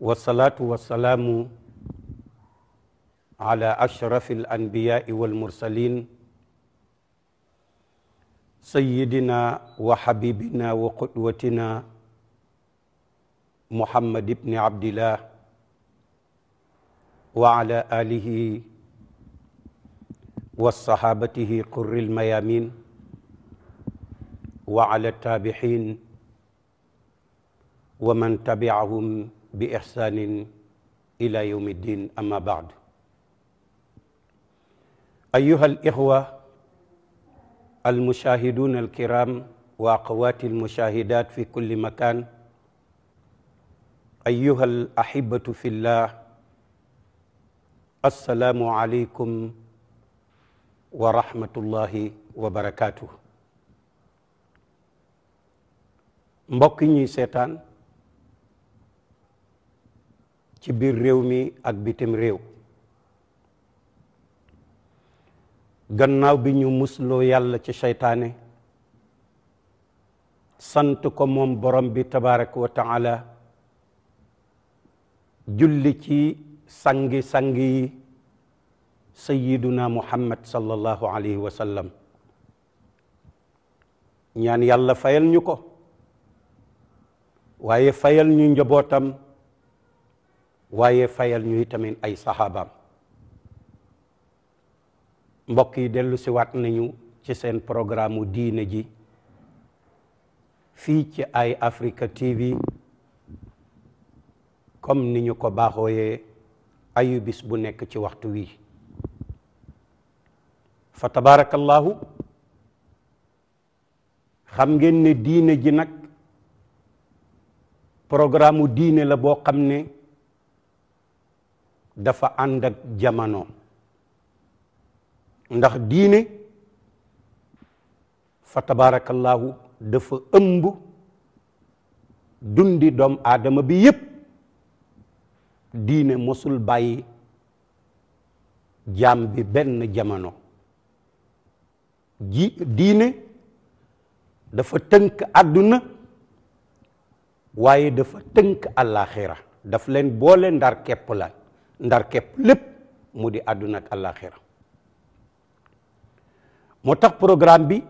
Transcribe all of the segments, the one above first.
wasalaatu wasalaamu ala ashrafi alanbiyaai walmursalin sayidina wa xabibina wa qudwatina muhammad ibni abdillah wa ala alihi wa saxaabatihi qurri lmayamin wa ala taabixin wa man tabiahum bi ixsaanin ila yawmi ddin amma baad ayuha al ixwa al mushaahiduuna al kiram wa aqawaati al mushaahidaat fi kulli makaan ayuha al ahibatu fillah assalaamu aleykum wa rahmatullahi wa barakaatuh mbokk ñuy seetaan ci biir réew mi ak bitim réew gannaaw bi ñu musloo yàlla ci seytaane sant ko moom borom bi tabaraka wa taala julli ci sangi-sang yi sayiduna muhammad sallallahu alayhi wa sallam ñaan yàlla fayal ñu ko waaye fayal ñu njabootam waaye fayal ñuy tamit ay saxaabaam mbokk yi dellu nañu ci seen programme diine ji fii ci ay Africa TV comme ni ñu ko baaxooyee ayu bis bu nekk ci waxtu wi fa tabaarakallaahu xam ngeen ne diine ji nag programme diine la boo xam ne dafa ànd ak jamono ndax diine fa tabaarakallaahu dafa ëmb dundi doom aadama bi yépp diine mosul bay jaam bi benn jamono ji diine dafa tënk àdduna waaye dafa tënk àllaaxira daf leen boole ndar kepp la ndar képp lépp mu di àdduna ak moo tax programme bi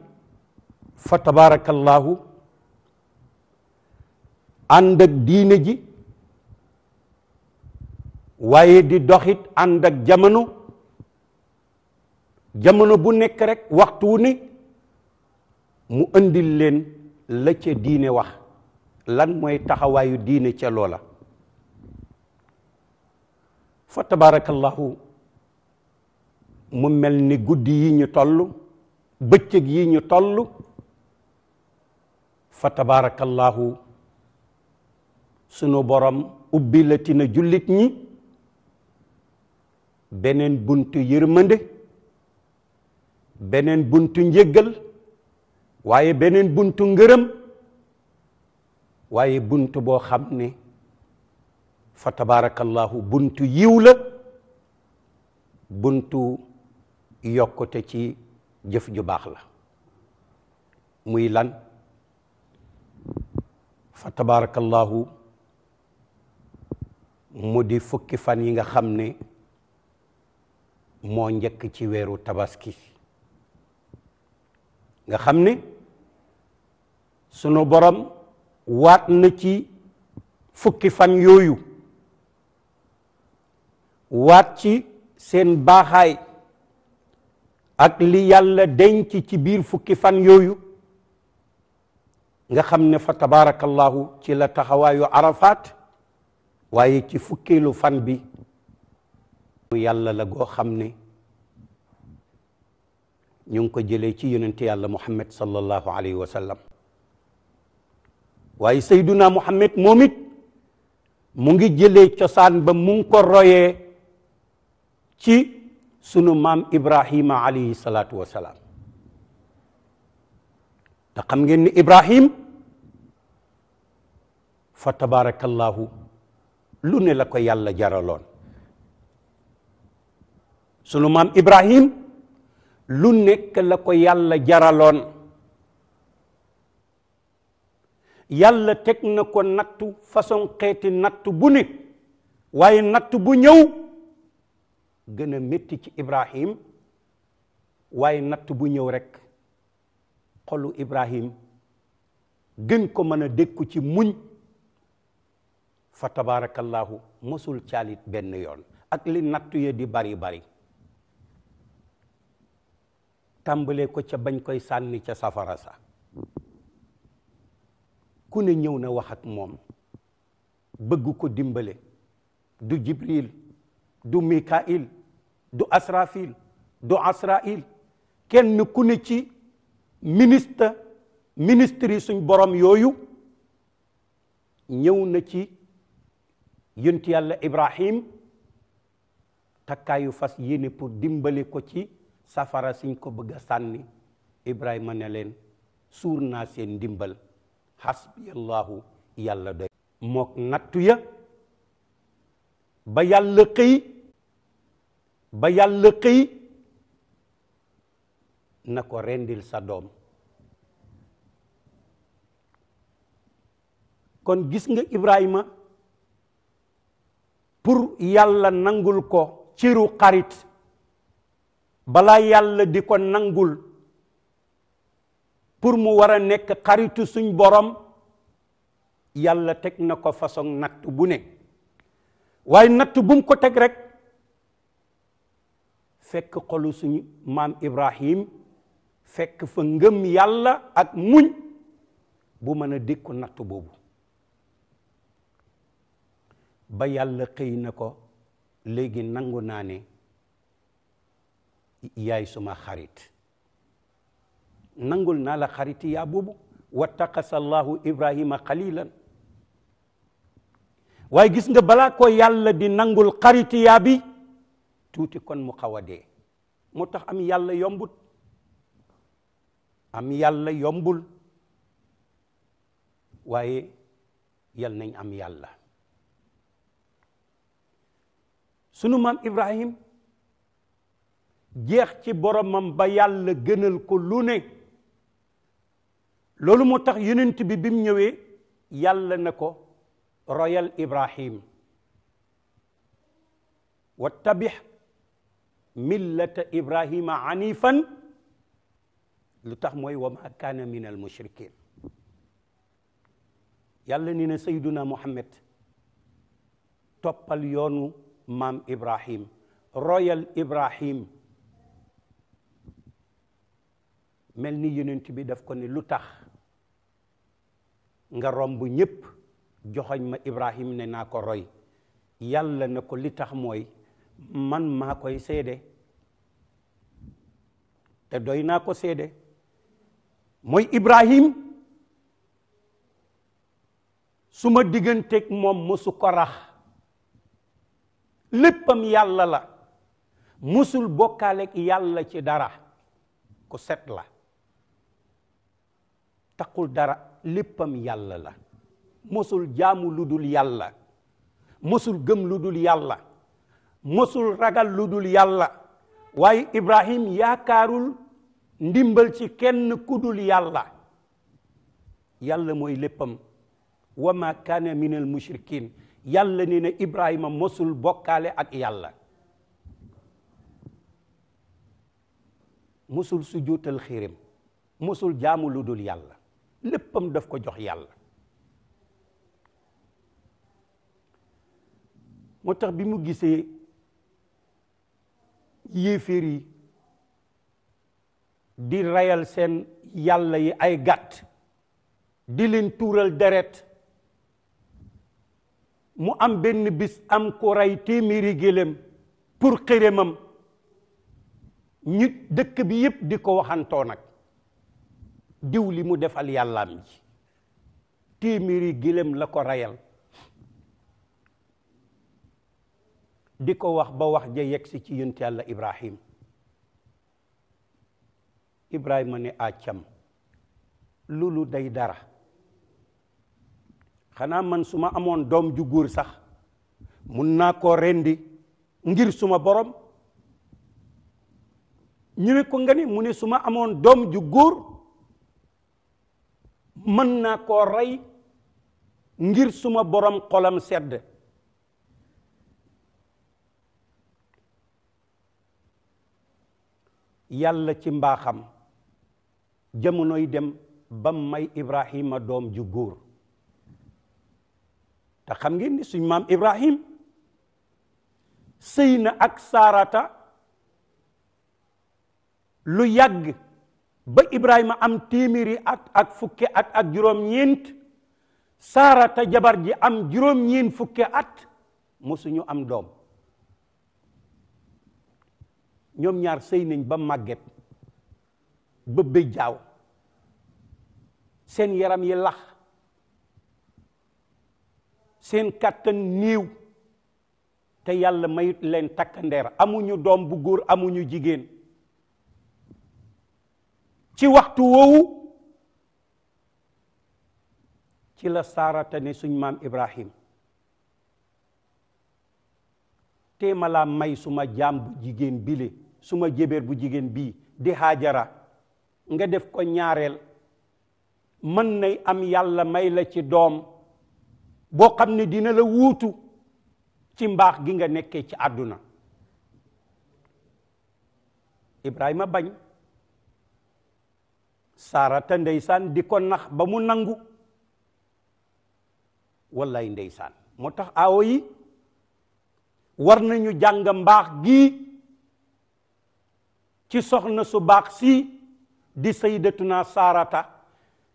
fa tabaarakallaahu ànd ak diine ji waaye di doxit ànd ak jamono jamono bu nekk rek waxtu wu ne mu indi leen la ca diine wax lan mooy taxawaayu diine ca loola fa tabaarakallahu mu mel ni guddi yi ñu toll bëccëg yi ñu tollu fa tabaarakallahu sunu borom ubbi la tina jullit ñi beneen buntu yërmande beneen buntu njëggal waaye beneen buntu ngërëm waaye buntu boo xam ni fa tabaarakallaahu buntu yiw buntu yokkute ci jëf ju baax la muy lan fa tabaarakallaahu mu di fukki fan yi nga xam ni moo njëkk ci weeru tabaski nga xam ni sunu borom waat na ci fukki fan yooyu waat ci seen baaxaay ak li yàlla denc ci biir fukki fan yooyu nga xam ne fa tabarakallahu ci la taxawaayu arafaat waaye ci fukkeelu fan bi mu yàlla la goo xam ni ñu ngi ko jëlee ci yonente yàlla muhammad sallallahu alayhi wa sallam waaye sayduna muhammad moom mu ngi jëlee cosaan ba mu ko royee ci sunu maam ibrahima alayhi salaatu wasalaam te xam ngeen ni ibrahim fa tabarakallahu lu ne ko yàlla jaraloon sunu maam ibrahim lu nekk la ko yàlla jaraloon yàlla teg na ko nattu façon xeeti nattu bu ne waaye nattu bu ñëw gën a métti ci Ibrahim waaye natt bu ñëw rekk xolu Ibrahim gën ko mën a dékku ci muñ fa tabaarakallaahu mosul caalit benn yoon ak li nattu ya di bari bari tàmbalee ko ca bañ koy sànni ca safara sa ku ne ñëw na wax ak moom bëgg ko dimbale du Jibril du mikail du asrafil du asrail kenn ku ne ci ministre ministre suñ borom yooyu ñëw na ci yonent yàlla ibrahim takkaayu fas yéene pour dimbali ko ci safara siñ ko bëgg a sànni ibrahima ne leen suur naa seen ndimbal hasbi yàlla doy mook nattu ya ba yàlla xëy ba yàlla xëy na ko rendil sa doom kon gis nga Ibrahima pour yàlla nangul ko ciru xarit bala yàlla di ko nangul pour mu war a nekk xaritu suñ borom yàlla teg na ko façon natt bu ne natt bu ko teg rek fekk xolu suñu maam Ibrahim fekk fa ngëm yàlla ak muñ bu mën a dékku natt boobu ba yàlla xëy na ko léegi nangu naa ne yaay suma xarit nangul naa la xariti yaa boobu wattaqasa allahu ibrahima xalilan waaye gis nga balaa ko yàlla di nangul xariti yaa tuuti kon mu xaw a dee moo tax am yàlla yombut am yàlla yombul waaye yal nañ am yàlla sunu maam Ibrahim jeex ci boromam ba yàlla gënal ko lu ne loolu moo tax yonent bi bi mu ñëwee yàlla na ko royal Ibrahim wa millata ibrahima hanifan lu tax mooy wa ma kaana min al mushrikin yàlla ni na sayduna muhammad toppal yoonu maam ibrahim royal ibrahim mel ni yonent bi daf ko ni lu tax nga romb ñépp joxoñ ma ibrahim ne naa ko roy yàlla na ko li tax mooy man maa koy seede te doy naa ko seede mooy Ibrahim su ma digganteeg moom mosu ko rax yàlla la musul bokkaaleeg yàlla ci dara ku set la taqul dara léppam yàlla la mosul jaamu lu dul yàlla mosul gëm lu yàlla mësul ragal ludul dul yàlla waaye ibrahim yaakaarul ndimbal ci kenn ku dul yàlla yàlla mooy léppam wa ma kaana min al mushrikin yàlla ne na ibrahima mësul bokkaale ak yàlla mësul sujjóotal xirim mësul jaamu lu dul yàlla léppam daf ko jox yàlla moo tax bi mu gisee yéeféer yi di rayal seen yàlla yi ay gàtt di leen tuural deret mu am benn bis am ko ray téeméeri gélém pour xërëmam ñu dëkk bi yépp di ko waxantoo nag diw li mu defal yàllaam ji téeméeri gélém la ko reyal di ko wax ba wax ja yegsi ci yonent yàlla ibrahim ibrahima ne accam loolu day dara xanaa man su ma amoon doom ju góor sax mun naa koo rendi ngir suma borom ñu ne ko nga ni mu ne su amoon doom ju góor mën naa koo rey ngir suma borom xolam sedd yàlla ci mbaaxam jamonoy dem bam may ibrahima doom ju góor te xam ngeen ni suñ maam ibrahim sëy na ak saarata lu yàgg ba ibrahima am téeméeri at ak fukki at ak juróom-ñeent saarata jabar ji am juróom-ñeent fukki at musuñu am doom ñoom ñaar sëy nañ ba màgget ba bëj seen yaram yi lax seen kattan néew te yàlla mayut leen takkandeer amuñu doom bu góor amuñu jigéen ci waxtu woowu ci la saarata ne suñ maam ibrahim téema laa may suma jaam bu jigéen bile suma jébéer bu jigéen bii di Haajara nga def ko ñaareel mën na am yàlla may la ci doom boo xam ne dina la wuutu ci mbaax gi nga nekkee ci àdduna Ibrahima bañ Sarata ndeysaan di ko nax ba mu nangu wallaay ndeysaan moo tax aawo yi war nañu jàng mbaax gi ci soxna su baax si di sayyidatuna Sarata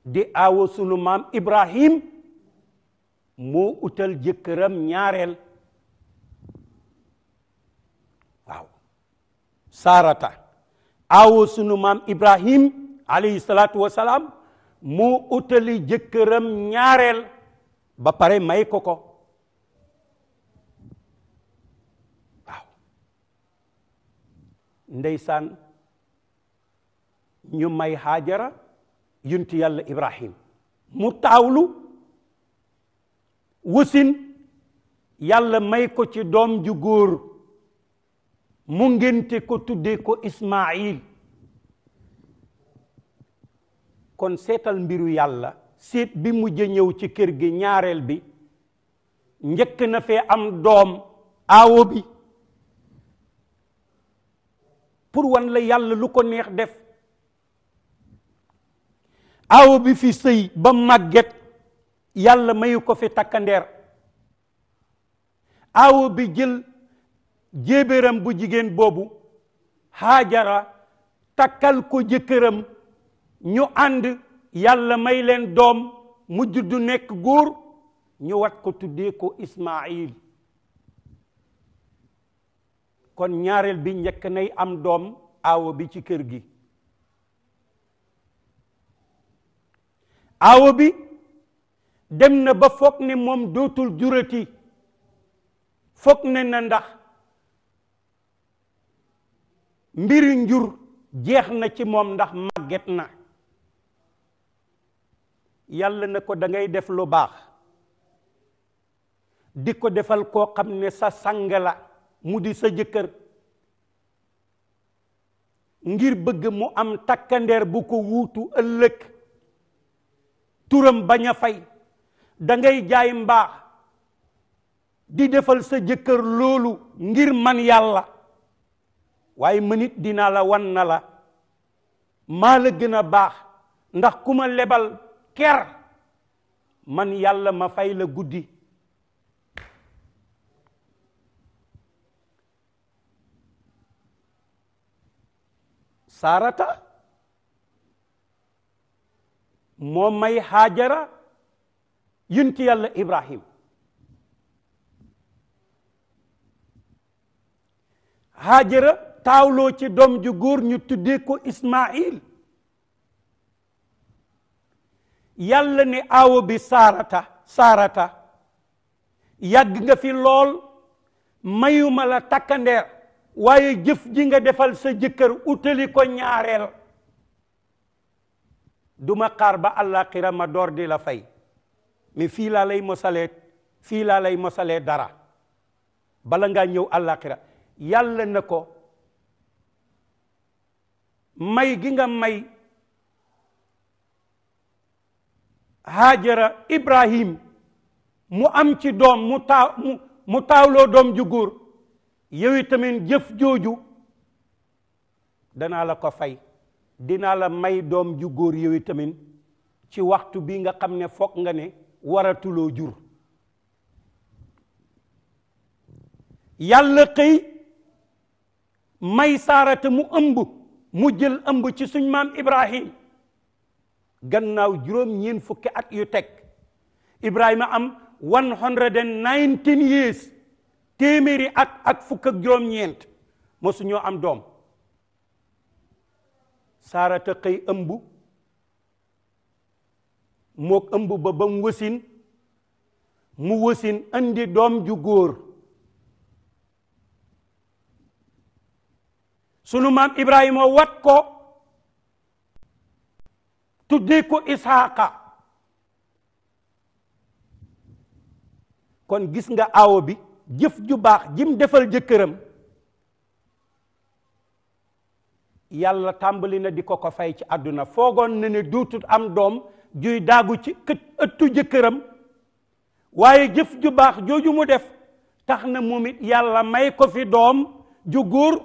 di aawo sunu maam Ibrahim moo utal jëkkëram ñaareel Sarata aawo sunu maam Ibrahim alayhi salaatu wa salaam moo utali jëkkëram ñaareel ba pare may ko ko ndeysaan ñu may xaajara yunti yàlla ibrahim mu taawlu wasin yàlla may ko ci doom ju góor mu ngénte ko tudde ko ismail kon seetal mbiru yàlla seet bi mujj ñëw ci kër gi ñaareel bi njëkk na fee am doom aawo bi pour wan la yàlla lu ko neex def awo bi fi sëy ba màgget yàlla mayu ko fi takkandeer awo bi jël jébéram bu jigéen boobu haajara takkal ko jëkkëram ñu ànd yàlla may leen doom mu juddu nekk góor ñu wat ko tuddee ko Ismaayil kon ñaareel bi njëkk nay am doom awo bi ci kër gi awo bi dem na ba foog ne moom dootul jurati foog ne na ndax mbiri njur jeex na ci moom ndax màgget na yàlla na ko dangay def lu baax di ko defal koo xam ne sa sang mu di sa jëkkër ngir bëgg mu am takkandeer bu ko wuutu ëllëg turam bañ a fay dangay ngay jaay mbaax di defal sa jëkkër loolu ngir man yàlla waaye mënit dinaa la wan na la maa la gën a baax ndax ku ma lebal ker man yàlla ma fay la guddi saarata moo may haajara yunti yàlla ibrahim haajara taawloo ci doom ju góor ñu tuddee ko ismail yàlla ne aawo bi saarata saarata yàgg nga fi lool mayuma la takkandeer waaye jëf ji nga defal sa jëkkër utali ko ñaareel duma xaar ba àllaaxira ma door di la fay mais fii laa lay mosalee fii laa lay mosalee dara bala ngaa ñëw àllaaxira yàlla na ko may gi nga may Haajara Ibrahim mu am ci doom mu taaw mu taawloo doom ju góor yow itamit jëf jooju danaa la ko fay dinaa la may doom ju góor yow tamit ci waxtu bi nga xam ne foog nga ne waratuloo jur yàlla xëy may saarata mu ëmb mu jël ëmb ci suñ maam ibrahim gannaaw juróom ñeen fukki at yu teg ibrahima am one hundred and nineteen years téeméeri at ak fukk juróom-ñeent mosu ñoo am doom saarata xëy ëmb mook ëmb ba ba mu wasin mu wasin andi doom ju góor sunu maam Ibrahima wat ko tuddee ko Isaaqa kon gis nga aawo bi jëf ju baax jim defal jëkkëram yàlla tàmbali na di ko ko fay ci àdduna foogoon na ne duutut am doom juy daagu ci kët ëttu jëkkëram waaye jëf ju baax jooju mu def tax na moom it yàlla may ko fi doom ju góor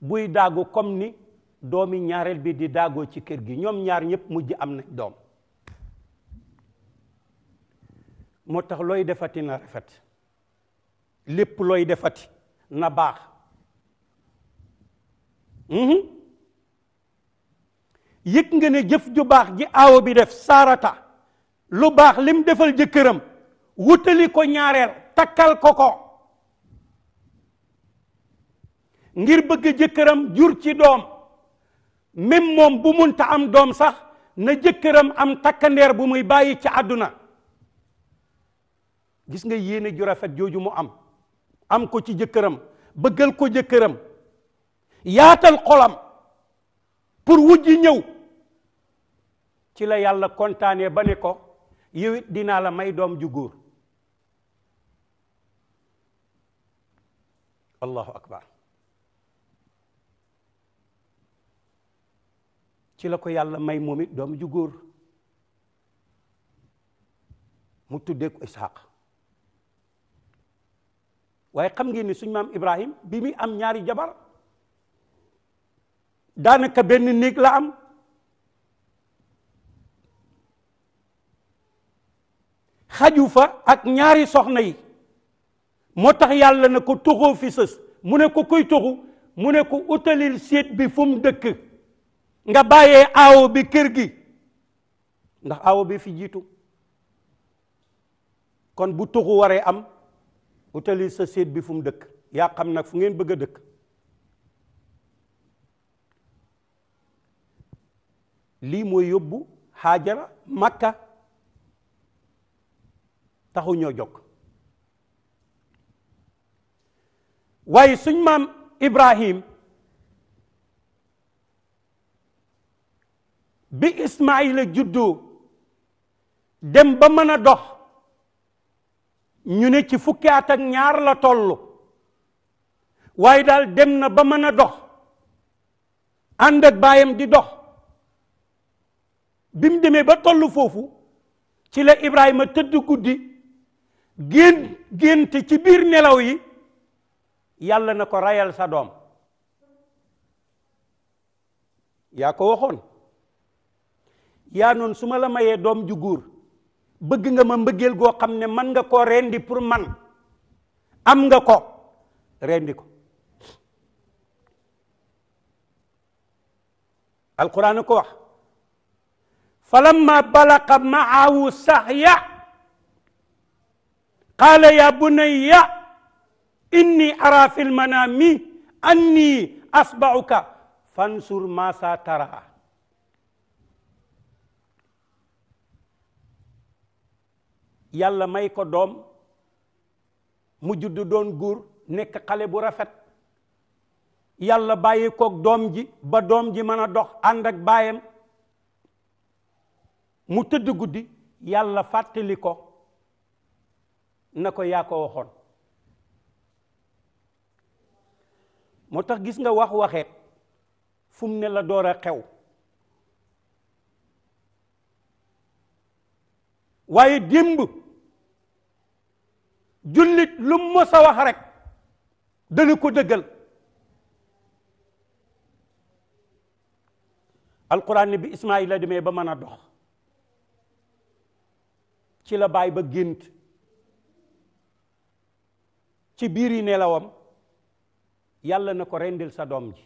buy daagu kom ni doomi ñaareel bi di daagoo ci kër gi ñoom ñaar ñëpp mujj am na doom moo tax looy defati na rafet lépp looy defati na baax mhm. yëg nga ne jëf ju baax ji aawo bi def saarata lu baax lim defal jëkkëram wutali ko ñaareel takkal ko ko ngir bëgg jëkkëram jur ci doom même moom bu munta am doom sax na jëkkëram am takkandeer bu muy bàyyi ci àdduna gis nga yéene ju rafet jooju mu am am ko ci jëkkëram bëggal ko jëkkëram yaatal xolam pour wujji ñëw ci la yàlla kontaanee ba ni ko yow it dinaa la may doom ju góor allahu akbar ci la ko yàlla may moom it doom ju góor mu tudde ko waaye xam ngeen ni suñ maam Ibrahim bi muy am ñaari jabar daanaka benn néeg la am xaju fa ak ñaari soxna yi moo tax yàlla na ko toxoo fi sës mu ne ko koy toxu mu ne ko utalil séet bi fu dëkk nga bàyyee aawo bi kër gi ndax aawo bi fi jiitu kon bu toxu waree am utali sa séet bi fu mu dëkk yaa xam nag fu ngeen bëgg a dëkk lii mooy yóbbu xaajara makka taxu ñoo jog waaye suñ maam ibrahim bi ismaila juddoo dem ba mën a dox ñu ne ci fukki at ak ñaar la toll waaye daal dem na ba mën a dox ànd ak baayam di dox bi demee ba tollu foofu ci la Ibrahima tëdd guddi génn génte ci biir nelaw yi yàlla na ko rayal sa doom yaa ko waxoon yaa noon su ma la mayee doom ju góor bëgg nga ma mbëggeel goo xam ne man nga koo rendi pour man am nga ko rendi ko alquran ko wax falamma balaqa maahu sahya qaala ya bunayya inni ara fi lmanami anni asbauka fansur ma sa tara yàlla may ko doom mu judd doon góor nekk xale bu rafet yàlla bàyyi koog doom ji ba doom ji mën a dox ànd ak baayam mu tëdd guddi yàlla fàttali ko na ko yaa ko waxoon moo tax gis nga wax waxeet fum ne la door a xew waaye démb jullit lu mës wax rek dana ko dëggal alquran ne bi ismail la demee ba mën a dox ci la baay ba gént ci biir yi nelawam yàlla na ko rendil sa doom ji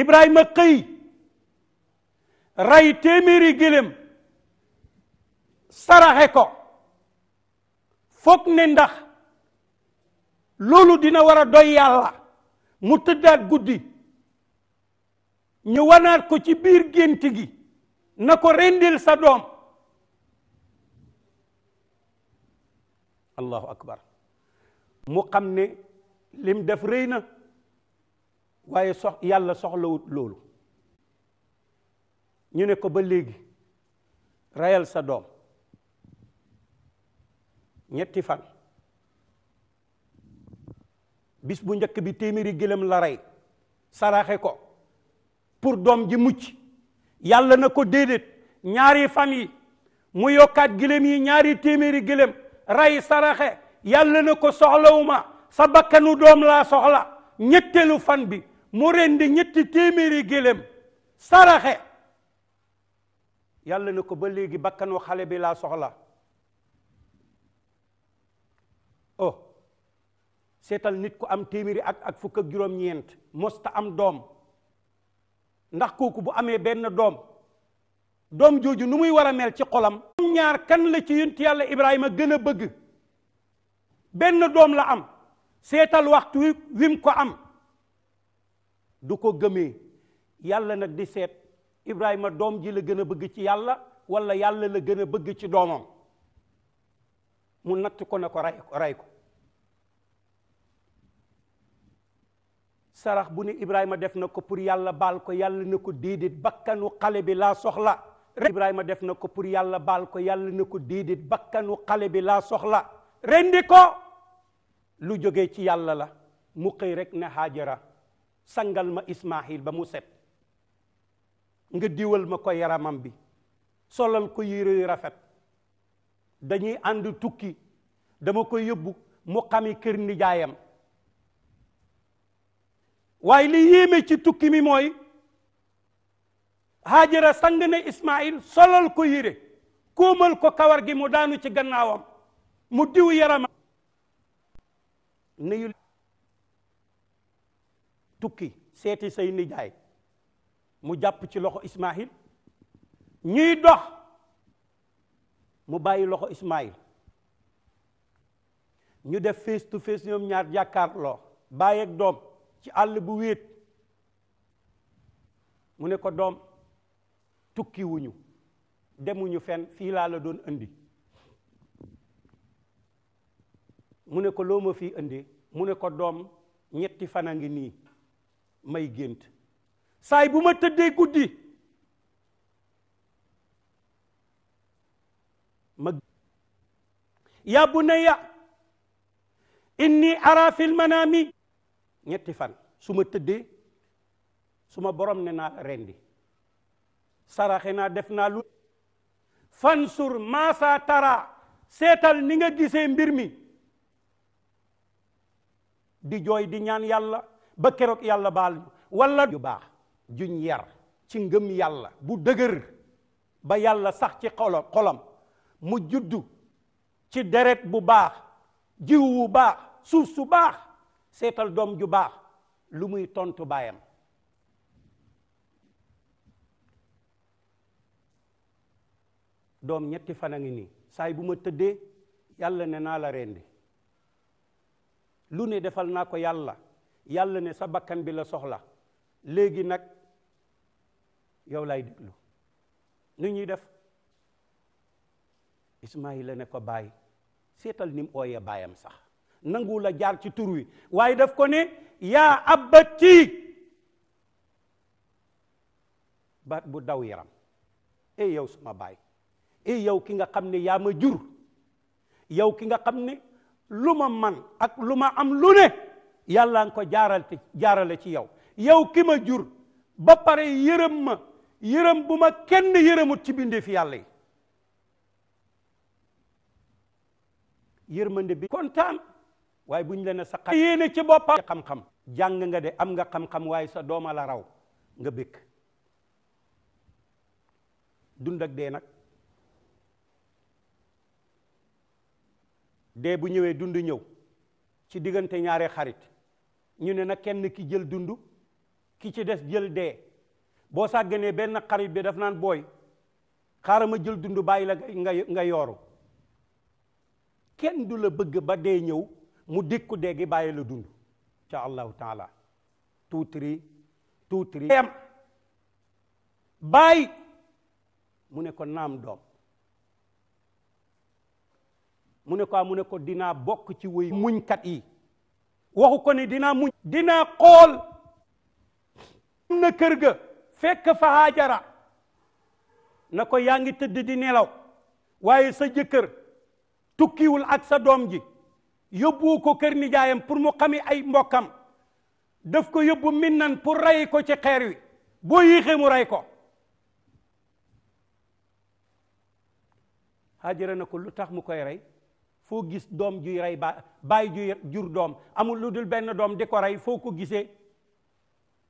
ibrahima xëy rey téeméeri gélém saraxe ko foog ne ndax loolu dina war a doy yàlla mu tëddaat guddi ñu wanaat ko ci biir gént gi na ko rendil sa doom allahu bar mu xam ne lim def rëy na waaye sox yàlla soxlawut loolu ñu ne ko ba léegi reyal sa doom ñetti fan bis bu njëkk bi téeméeri gëlëm la rey saraxe ko pour doom ji mucc yàlla na ko déedéet ñaari fan yi mu yokkaat gëlëm yi ñaari téeméeri gëlëm rey saraxe yàlla na ko soxlawuma sa bakkanu doom laa soxla ñetteelu fan bi mu rendi ñetti téeméeri gëlëm saraxe yàlla na ko ba léegi bakkanu xale bi laa soxla seetal nit ku am téeméeri at ak fukk ak juróom-ñeent mosta am doom ndax kooku bu amee benn doom doom jooju nu muy war a mel ci xolam ñoom ñaar kan la ci yonent yàlla Ibrahima gën a bëgg benn doom la am seetal waxtu wim ko am du ko gëmee yàlla nag di seet Ibrahima doom ji la gën a bëgg ci yàlla wala yàlla la gën a bëgg ci doomam mu natt ko ne ko ray ko ko sarax bu ne Ibrahima def na ko pour yàlla baal ko yàlla na ko déedéet bakkanu xale bi laa soxla ren Ibrahima def na ko pour yàlla baal ko yàlla na ko déedéet bakkanu xale bi laa soxla rendi ko lu jóge ci yàlla la mu xëy rek ne Haajara sangal ma Ismaahil ba mu set nga diwal ma ko yaramam bi solal ko yére yu rafet dañuy ànd tukki dama ko yóbbu mu xami kër nijaayam waaye li yéeme ci tukki mi mooy Haajara sang na Ismaïl solal ko yére kóomal ko kawar gi mu daanu ci gannaawam mu diw yarama nuyul tukki seeti say nijaay mu jàpp ci loxo Ismaïl ñuy dox mu bàyyi loxo Ismaïl ñu def face to face ñoom ñaar jàkkaarloo baay ak doom ci àll bu wéet mu ne ko doom tukkiwuñu demuñu fenn fii laa la doon indi mu ne ko loo ma fii indi mu ne ko doom ñetti fan a ngi nii may gént saay bu ma tëddee guddi ma yaa ya inni ara fil manami ñetti fan su ma tëddee suma ma borom ne na la rendi saraxe naa def na lu fansur maasa tara seetal ni nga gisee mbir mi di jooy di ñaan yàlla ba keroog yàlla baal ñu wala yu baax juñ yar ci ngëm yàlla bu dëgër ba yàlla sax ci xolom mu juddu ci deret bu baax jiw bu baax suuf su baax seetal doom ju baax lu muy tontu baayam doom ñetti fan a ngi nii saay bu ma tëddee yàlla ne naa la rendi lu ne defal naa ko yàlla yàlla ne sa bakkan bi la soxla léegi nag yow lay lu nu ñuy def Ismaayila ne ko baay seetal ni mu baayam sax nangu la jaar ci tur waaye def ko ne yaa abati baat bu daw yaram ey yow sama baay ey yow ki nga xam ne yaa ma jur yow ki nga xam ne lu ma man ak lu ma am lu ne yàlla nga ko jaaral jaarale ci yow yow ki ma jur ba pare yërëm ma yërëm bu ma kenn yërëmut ci bindee fi yàlla yi yërmande bi kontaan waaye bu ñu la ne sa xam yéene ci boppam xam jàng nga de am nga xam-xam waaye sa dooma la raw nga békk dundak ak dee nag dee bu ñëwee dund ñëw ci diggante ñaare xarit ñu ne nag kenn ki jël dundu ki ci des jël dee boo sàgganee benn xarit bi daf naan booy xaaral ma jël dundu bàyyi la nga yooru kenn du la bëgg ba dee ñëw mu dékku dee gi bàyyi la dund incha allahu taala tuutri tuutri yam bàyyi mu ne ko naam doom mu ne ko ah, mu ne ko dinaa bokk ci wéy muñkat yi waxu ko ne dinaa muñ dinaa xool na kër ga fekk fa Haajara na ko yaa ngi tëdd di nelaw waaye sa jëkkër tukkiwul ak sa doom ji yóbbu ko kër nijaayam pour mu xami ay mbokkam def ko yóbbu minnan pour rey ko ci xeer wi boo yéexee mu rey ko Haajara na ko lu tax mu koy rey foo gis doom juy rey ba baay juy jur doom amul lu dul benn doom di ko rey foo ko gisee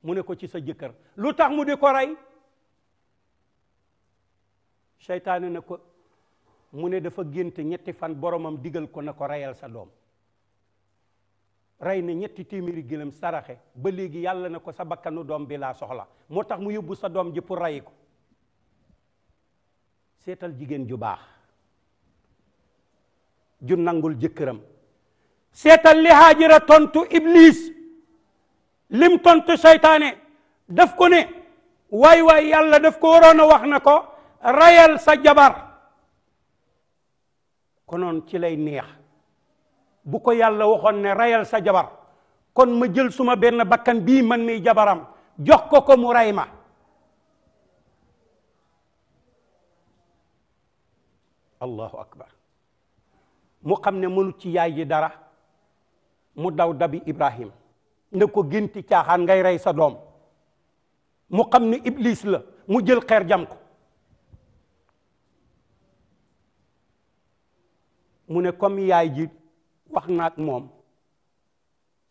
mu ne ko ci sa jëkkër lu tax mu di ko rey seytaane na ko mu ne dafa gént ñetti fan boromam digal ko na ko reyal sa doom rey na ñetti téeméeri gëlëm saraxe ba léegi yàlla na ko sa bakkanu doom bi laa soxla moo tax mu yóbbu sa doom ji pour rey ko seetal jigéen ju baax ju nangul jëkkëram seetal li haajira tontu iblis lim tontu seytaane def ko ne waay waay yàlla def ko waroon wax na ko rayal sa jabar konoon ci lay neex bu ko yàlla waxoon ne rayal sa jabar kon ma jël suma benn bakkan bii man mi jabaram jox ko ko mu ray ma allahu akbar mu xam ne mënut ci yaay ji dara mu daw dabi ibrahim ne ko génti caaxaan ngay rey sa doom mu xam ne iblis la mu jël xeer jam ko mu ne comme yaay ji wax naag moom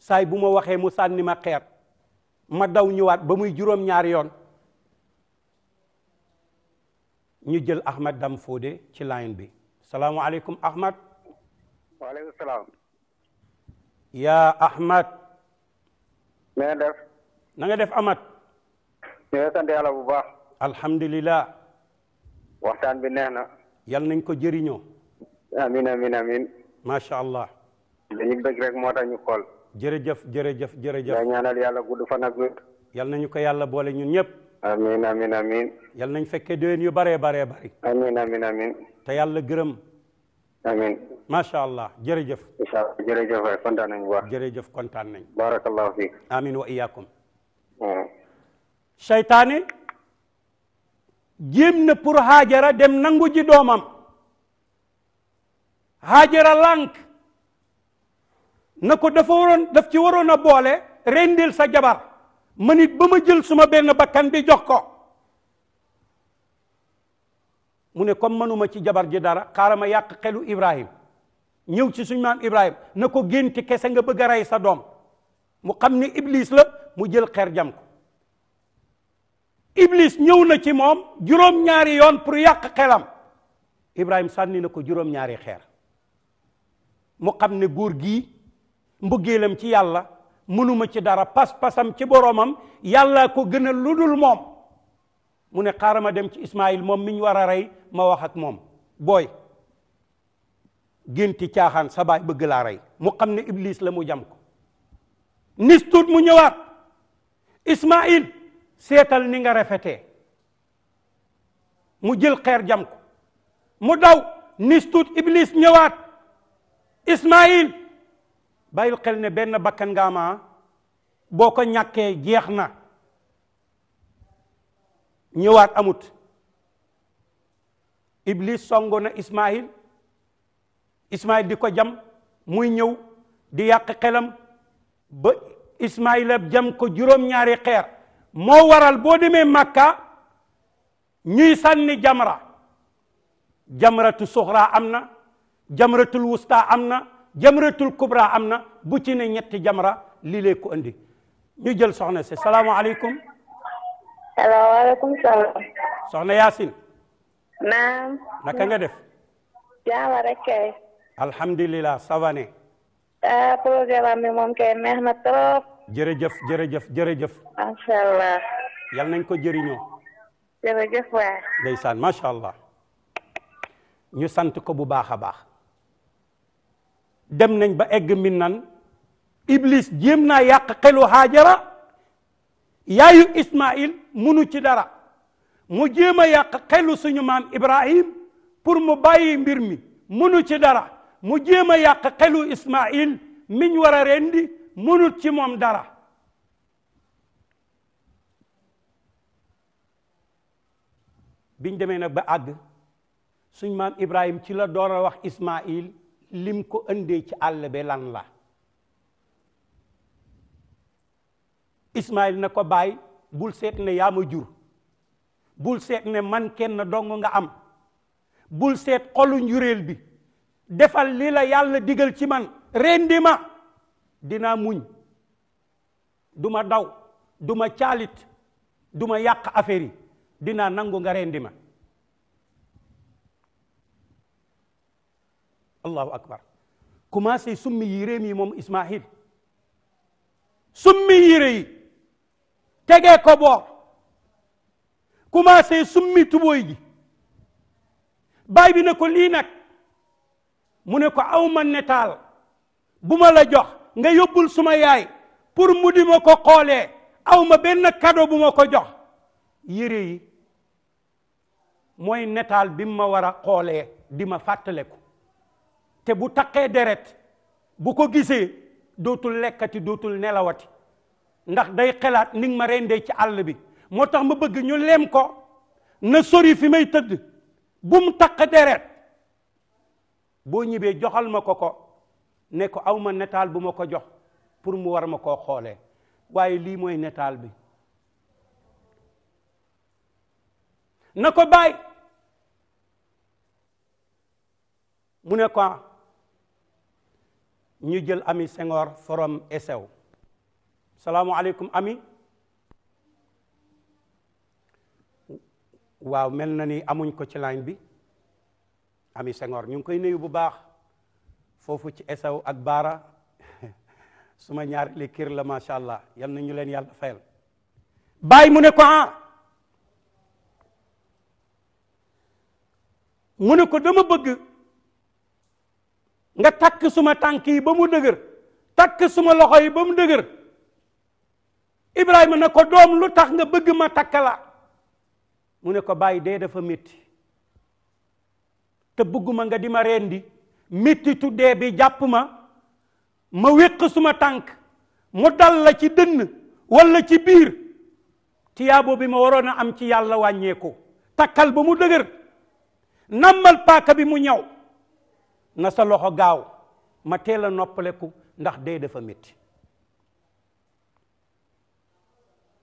saay bu ma waxee mu sànni ma xeer ma daw ñëwaat ba muy juróom-ñaar yoon ñu jël Ahmed Dam foode ci line bi salaamualeykum Ahmed. waaleykum salaam. yaa Ahmed. na def. na nga def Amath. ñu ngi sant yàlla bu baax. alhamdulilah. waxtaan bi neex na. yal nañ ko jëriñoo. amin amin amin. macha allah. dañu bëgg rek moo tax ñu xool. jërëjëf jërëjëf jërëjëf. yaa ñaanal yàlla gudd fan ak wér. yal nañu ko yàlla boole ñun ñëpp. amiin amiin amiin. yal nañ fekkee déwén yu baree baree bari. amiin amiin amiin. te yàlla gërëm. amiin. macha allah jërëjëf. incha allah jërëjëf waay kontaan nañu bu jërëjëf kontaan nañu. barakallahu fiik. amiin wa iyaakum. Hmm. seytaane jéem na pour Haajara dem nangu ji doomam Haajara lànk. na ko dafa waroon daf ci waroon a boole rendeel sa jabar man it ba ma jël suma benn bakkan bi jox ko mu ne comme manuma ci jabar ji dara xaaral ma yàq xelu Ibrahim ñëw ci suñ maam Ibrahim na ko génti kese nga bëgg a rey sa doom mu xam ne Iblis la mu jël xeer jam ko Iblis ñëw na ci moom juróom-ñaari yoon pour yàq xelam Ibrahim sànni na ko juróom-ñaari xeer mu xam ne góor gii mbëggeelam ci yàlla mënuma ci dara pas-pasam ci boroomam yàlla ko gën a ludul moom mu ne xaaral ma dem ci Ismaayil moom mi ñu war a rey ma wax ak moom booy génti caaxaan sa baay bëgg laa rey mu xam ne Iblis la mu jam ko nis mu ñëwaat Ismaayil seetal ni nga rafetee mu jël xeer jam ko mu daw nis tuut Iblis ñëwaat Ismaayil bàyyil xel ne benn bakkan nga ah, boo ko ñàkkee jeex na ñëwaat amut iblis songo na ismail ismail di ko jam muy ñëw di yàq xelam ba ismaila jam ko juróom-ñaari xeer moo waral boo demee màkka ñuy sànni jamra jamratu suxra am na jamratul wusta am na jamratul kubra am na bu ci ne ñetti jamra lii lee ñu jël soxna si salaamaaleykum. salaamaaleykum salaam. soxna Yacine. naam. naka nga def. jaama rek kay. alhamdulilah ça va ne. ah programme bi moom jërëjëf jërëjëf jërëjëf. allah. yal nañ ko jëriñoo. jërëjëf waay. ndeysaan macha allah. ñu sant ko bu baax a baax. dem nañ ba egg min iblis jéem na yàq xelu haajara yaayu ismail munu ci dara mu jéem a yàq xelu suñu maam ibrahim pour mu bàyyi mbir mi munu ci dara mu jéem a yàq xelu ismail miñ war a rendi munut ci moom dara biñ demee nag ba àgg suñ maam ibrahim ci la doona a wax ismail lim ko indee ci àll bi lan la Ismaayil na ko baay bul seet ne yaa jur bul seet ne man kenn dong nga am bul seet xolu njuréel bi defal li yàlla digal ci man rendi ma dinaa muñ duma daw duma caalit duma yàq affaire yi dinaa nangu nga rendi ma allahu akbar commencé summi yéreem yi moom Ismaahil summi yére yi tegee ko boor commencé summi tubóoy ji baay bi na ko lii nag mu ne ko aw ma netaal bu ma la jox nga yóbbul suma yaay pour mu di ma ko xoolee aw ma benn cadeau bu ma ko jox yére yi mooy netaal bi mu ma war a xoolee di ma fàttale ko te bu takkee deret bu ko gisee dootul lekkati dootul nelawati ndax day xelaat ni nga ma rendee ci àll bi moo tax ma bëgg ñu leem ko na sori fi may tëdd bu mu taq deret boo ñibbee joxal ma ko ko ne ko aw ma netaal bu ma ko jox pour mu war ma koo xoolee waaye lii mooy netaal bi na ko bàyyi mu ne ko ñu jël Ami Senghor forom esew salaamualeykum Ami waaw mel na ni amuñ ko ci ligne bi Ami Senghor ñu ngi koy nuyu bu baax foofu ci esew ak baara suma ñaari li kir la macha allah yal na ñu leen yàlla fayal bàyyi mu ne ko ah mu ne ko dama bëgg nga takk suma tànk yi ba mu dëgër takk suma loxo yi ba mu dëgër Ibrahima na ko doom lu tax nga bëgg ma takkala mu ne ko bàyyi dee dafa métti te bëgguma nga di ma rendi méttitu dee bi jàpp ma ma wéq suma tànk mu dal la ci dënn walla ci biir tiyaabo bi ma waroon a am ci yàlla wàññeeku takkal ba mu dëgër nammal paaka bi mu ñaw na sa loxo gaaw ma teel a noppaleku ndax dee dafa metti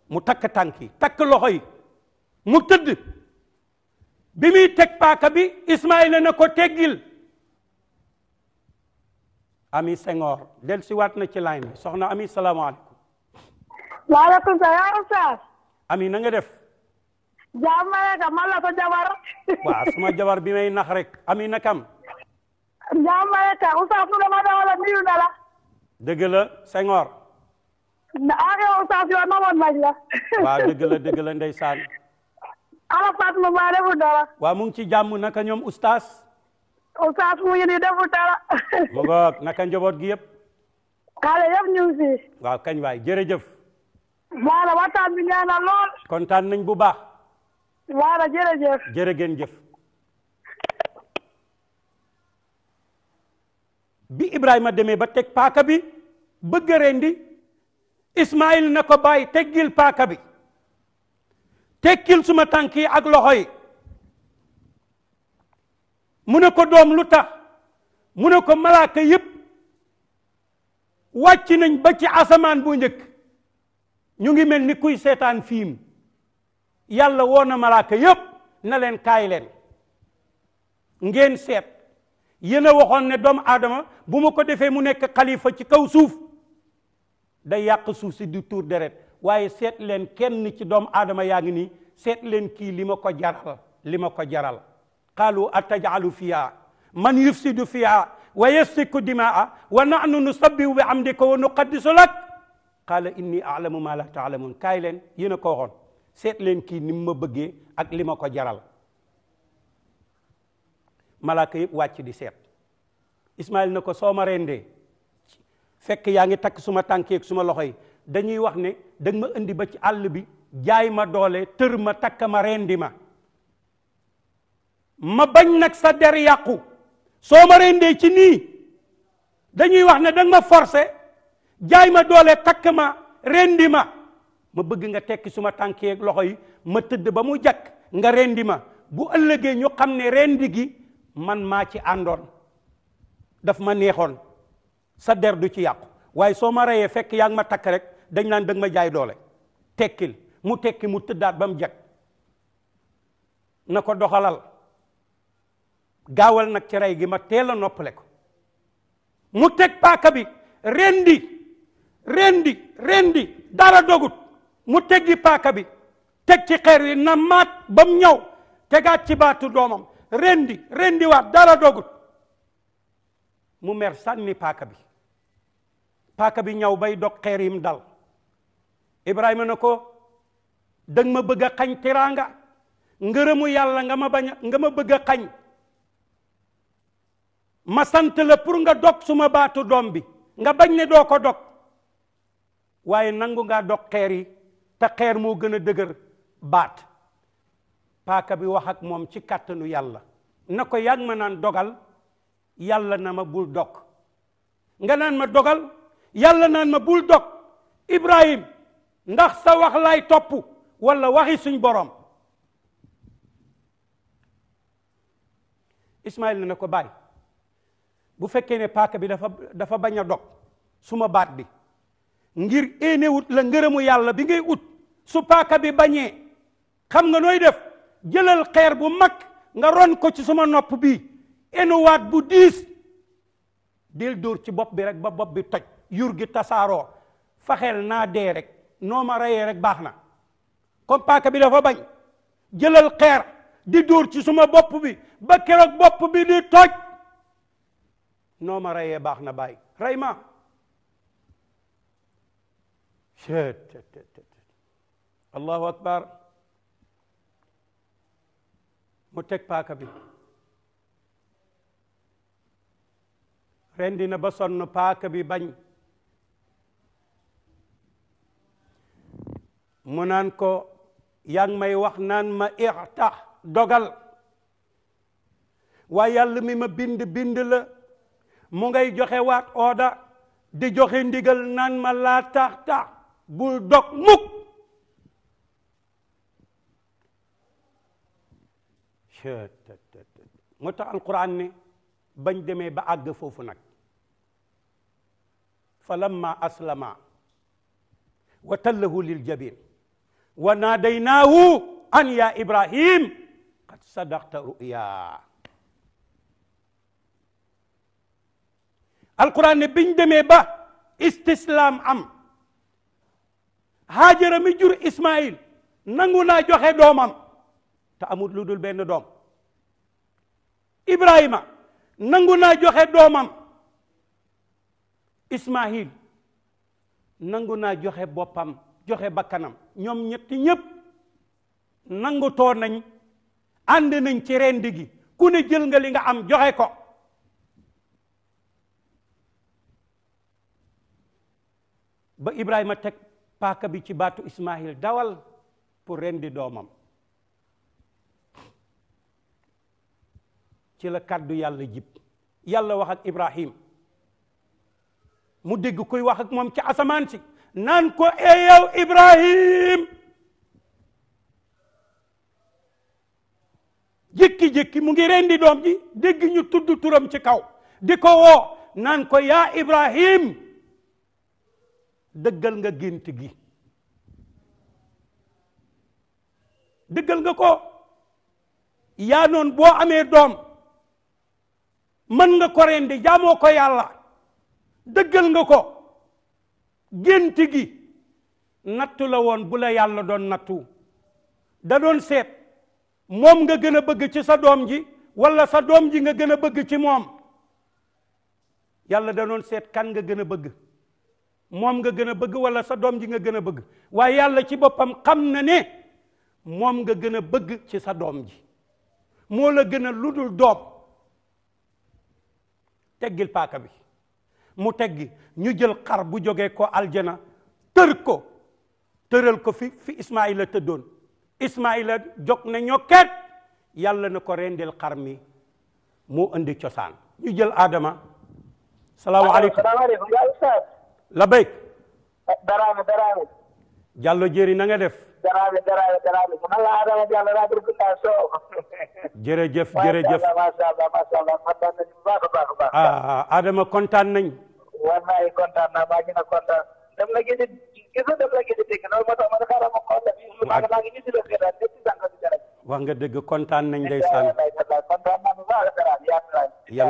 mu takk tànk yi takk loxo yi mu tëdd bi muy teg paaka bi Ismaïla na ko teggil ami Senghor del si waat na ci line bi soxna ami salaamaaleykum waaleykum ami na nga def jaam ma man la sa jabar waaw suma jabar bi may nax rek ami nakam Ndiame Mayaka Oustaz Souleymane Awala nuyu na la. dëgg la Senghor. na ak yow Oustaz yow namoon nañ la. waaw dëgg la dëgg la ndeysaan. ala Fatma maa deful dara. waaw mu ngi ci jàmm naka ñoom Oustaz. Oustaz mu ngi nii deful dara. mu ngoog naka njaboot gi yëpp. xale yëpp ñu ngi si. waaw kañ waay jërëjëf. maanaam waxtaan bi ñaan na lool. kontaan nañ bu baax. maanaam jërëjëf. jërë ngeen jëf. bi Ibrahima demee ba teg paaka bi bëgg a rendi na ko bàyyi teggil paaka bi tekkil suma tànk yi ak loxo yi mu ne ko doom lu tax mu ne ko malaaka yëpp wàcc nañ ba ci asamaan bu njëkk ñu ngi mel ni kuy seetaan fiim yàlla woo na malaaka yëpp na leen kaay leen ngeen seet yéen a waxoon ne doomu aadama bu ma ko defee mu nekk xalifa ci kaw suuf day yàq suuf si du tuur deret waaye seet leen kenn ci doomu aadama yaa ngi nii seet leen kii li ma ko jaral li ma ko jaral qaalu atajalu fiha man yufsidu fiha wa yasfiku dimaa wa nahnu nusabbihu bi amdika wa nuqaddisu lak qaala inni alamu ma la taalamun kaay leen yéen ko waxoon seet leen kii ni mu ma bëggee ak li ma ko jaral malaaka yëpp wàcc di seet Ismaayil na ko soo ma rendee fekk yaa ngi takk suma tànk yeeg suma loxo yi dañuy wax ne da ma indi ba ci àll bi jaay ma doole tër ma takk ma rendi ma ma bañ nag sa der yàqu soo ma rendee ci nii dañuy wax ne da nga ma forcé jaay ma doole takk ma rendi ma ma bëgg nga tekki suma tànk yeeg loxo yi ma tëdd ba mu jakk nga rendi ma bu ëllëgee ñu xam ne rendi gi man maa ci àndoon daf ma neexoon sa der du ci yàqu waaye soo ma reyee fekk yaa ma takk rek dañ naan dëgg ma jaay doole tekkil mu tekki mu tëddaat ba mu jag na ko doxalal gaawal nag ci rey gi ma teel a noppale ko mu teg paaka bi rendi rendi rendi dara dogut mu teggi paaka bi teg ci xeer yi na maat ba mu ñëw tegaat ci baatu doomam rendi rendiwaat dara dogut mu mer sànni paaka bi paaka bi ñaw bay dog xeer yim dal Ibrahima na ko dëg ma bëgg a xañ teraanga ngërëmu yàlla nga ma bañ nga ma bëgg a xañ ma sant la pour nga dog suma baatu doom bi nga bañ ne doo ko dog waaye nangu nga dog xeer yi te xeer moo gën a dëgër baat paaka bi wax ak moom ci kàttanu yàlla na ko yàgg ma naan dogal yàlla na ma bul dog nga naan ma dogal yàlla naan ma bul dog Ibrahim ndax sa wax laay topp walla waxi suñ borom Ismaïl na ne ko bàyyi bu fekkee ne paaka bi dafa dafa bañ a dog suma baat bi ngir éenewut la ngërëmu yàlla bi ngay ut su paaka bi bañee xam nga nooy def jëlal xeer bu mag nga ron ko ci suma nopp bi enuwaat bu diis del dóor ci bopp bi rek ba bopp bi toj yur gi tasaaroo faxel naa dee rek noo ma reyee rek baax na ko paaka bi dafa bañ jëlal xeer di dóor ci suma bopp bi ba keroog bopp bi di toj noo ma reyee baax na bàyyi rey ma allahu akbar mu teg paaka bi rendi na ba sonn paaka bi bañ mu naan ko yaa may wax naan ma ixtax dogal waaye yàlla mi ma bind bind la mu ngay joxe waat ooda di joxe ndigal naan ma laa tax tax bul dog mukk moo tax alquran ne bañ demee ba àgg foofu nag fa lamma aslama wa tallahu lil jabin wa naadaynaahu an ya ibrahim qad sadaqta ruya alquran ne biñ demee ba istislaam am haajara mi jur ismail nangu naa joxe doomam te amul lu dul benn doom Ibrahima nangu naa joxe doomam Ismaahil nangu naa joxe boppam joxe bakkanam ñoom ñetti ñépp nangu too nañ ànd nañ ci rend gi ku ne jël nga li nga am joxe ko ba Ibrahima teg paaka bi ci baatu Ismaahil dawal pour rendi doomam ci la kàddu yàlla jib yàlla wax ak ibrahim mu dégg koy wax ak moom ci asamaan si naan ko eyow ibrahim jékki-jékki mu ngi rendi doom ji dégg ñu tudd turam ci kaw di ko woo naan ko ya ibrahim dëggal nga gént gi dëggal nga ko yaa noon boo amee doom mën nga ko rendi jaamoo ko yàlla dëggal nga ko gént gi nattu la woon bu la yàlla doon nattu da doon seet moom nga gën a bëgg ci sa doom ji walla sa doom ji nga gën a bëgg ci moom yàlla da doon seet kan nga gën a bëgg moom nga gën a bëgg walla sa doom ji nga gën a bëgg waaye yàlla ci boppam xam na ne moom nga gën a bëgg ci sa doom ji moo la gën a dul doom teggil paaka bi mu teggi ñu jël xar bu joge ko aljana tër ko tëral ko fi fi Ismaayila tëddoon Ismaayila jog ne ñokkeet yàlla na ko rendil xar mi mu indi cosaan ñu jël Adama. salaamaaleykum salaamaaleykum. la béy. daraame daraame. na nga def. Dramé Dramé Dramé man Adama Diallo laa dugg saa jërëjëf jërëjëf macha kontaan nañ. wallaay kontaan naa maa ngi na kontaan. dégg kontaan. waaw la xëy dëgg kontaan nañ ndeysaan. kontaan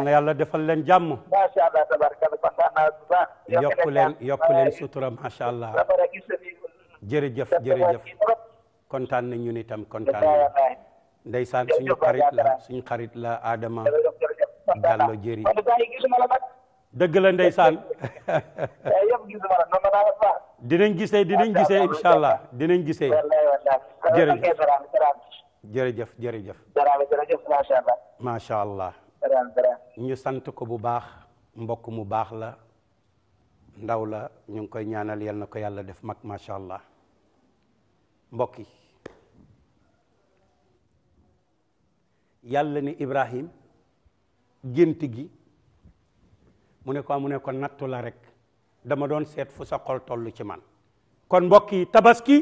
na yàlla defal leen jàmm. macha allah tabaraka kontaan yokk leen yokk leen sutura macha allah. jërëjëf jërëjëf kontaan na ñu itam kontaan na ndeysaan suñu xarit la suñu xarit la Adama Gallo jëri dëgg la ndeysaan eh, dinañ gisee dinañ gisee incha allah dinañ gisee jërëjëf jërëjëf jërëjëf macha allah ñu sant ko bu baax mbokk mu baax la ndaw la ñu ngi koy ñaanal yal na ko yàlla def mag macha allah mbokk yi yàlla ni ibrahim gént gi mu ne ko mu ne ko nattu la rek dama doon seet fu sa xol toll ci man kon mbokk yi tabaski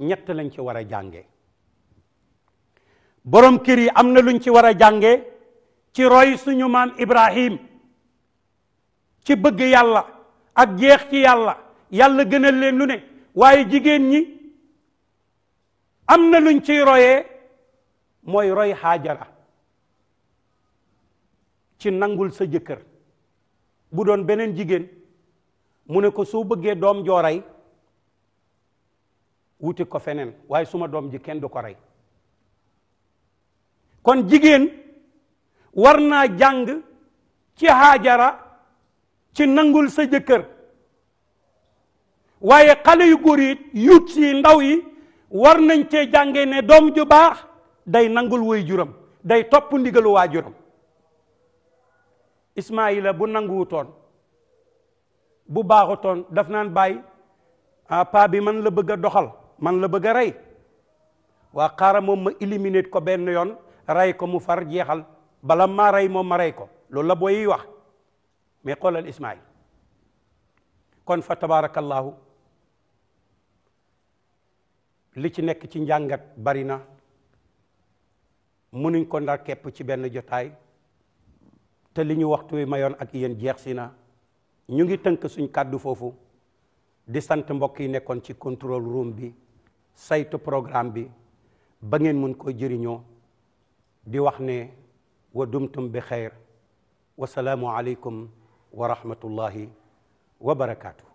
ñett lañ ci war a jànge borom kër yi am na luñ ci war a jànge ci roy suñu maam ibrahim ci bëgg yàlla ak jeex ci yàlla yàlla gënal leen lu ne waaye jigéen ñi am na luñ ci roye mooy roy xaajara ci nangul sa jëkkër bu doon beneen jigéen mu ne ko soo bëggee doom joo rey wuti ko feneen waaye suma doom ji kenn du ko rey kon jigéen war naa jàng ci xaajara ci nangul sa jëkkër waaye xale yu góor yi yuut si ndaw yi war nañ cee jàngee ne doom ju baax day nangul woy juram day topp ndigalu waa juram Ismaayila bu nanguwutoon bu baaxutoon daf naan bàyyi ah paa bi man la bëgg a doxal man la bëgg a rey waa xaaral moom ma éliminer ko benn yoon rey ko mu far jeexal bala maa rey moom ma rey ko loolu la booy yi wax mais xoolal Ismaayil kon fa tabaarakallaahu li ci nekk ci njàngat bari na mënuñ ko ndar képp ci benn jotaay te li ñu waxtu wi mayoon ak yéen jeex si na ñu ngi tënk suñ kàddu foofu di sant mbokk yi nekkoon ci control room bi saytu programme bi ba ngeen mun ko jëriñoo di wax ne wa dumtum bi xeyr wasalaamu aleykum wa rahmatullahi wa barakaatu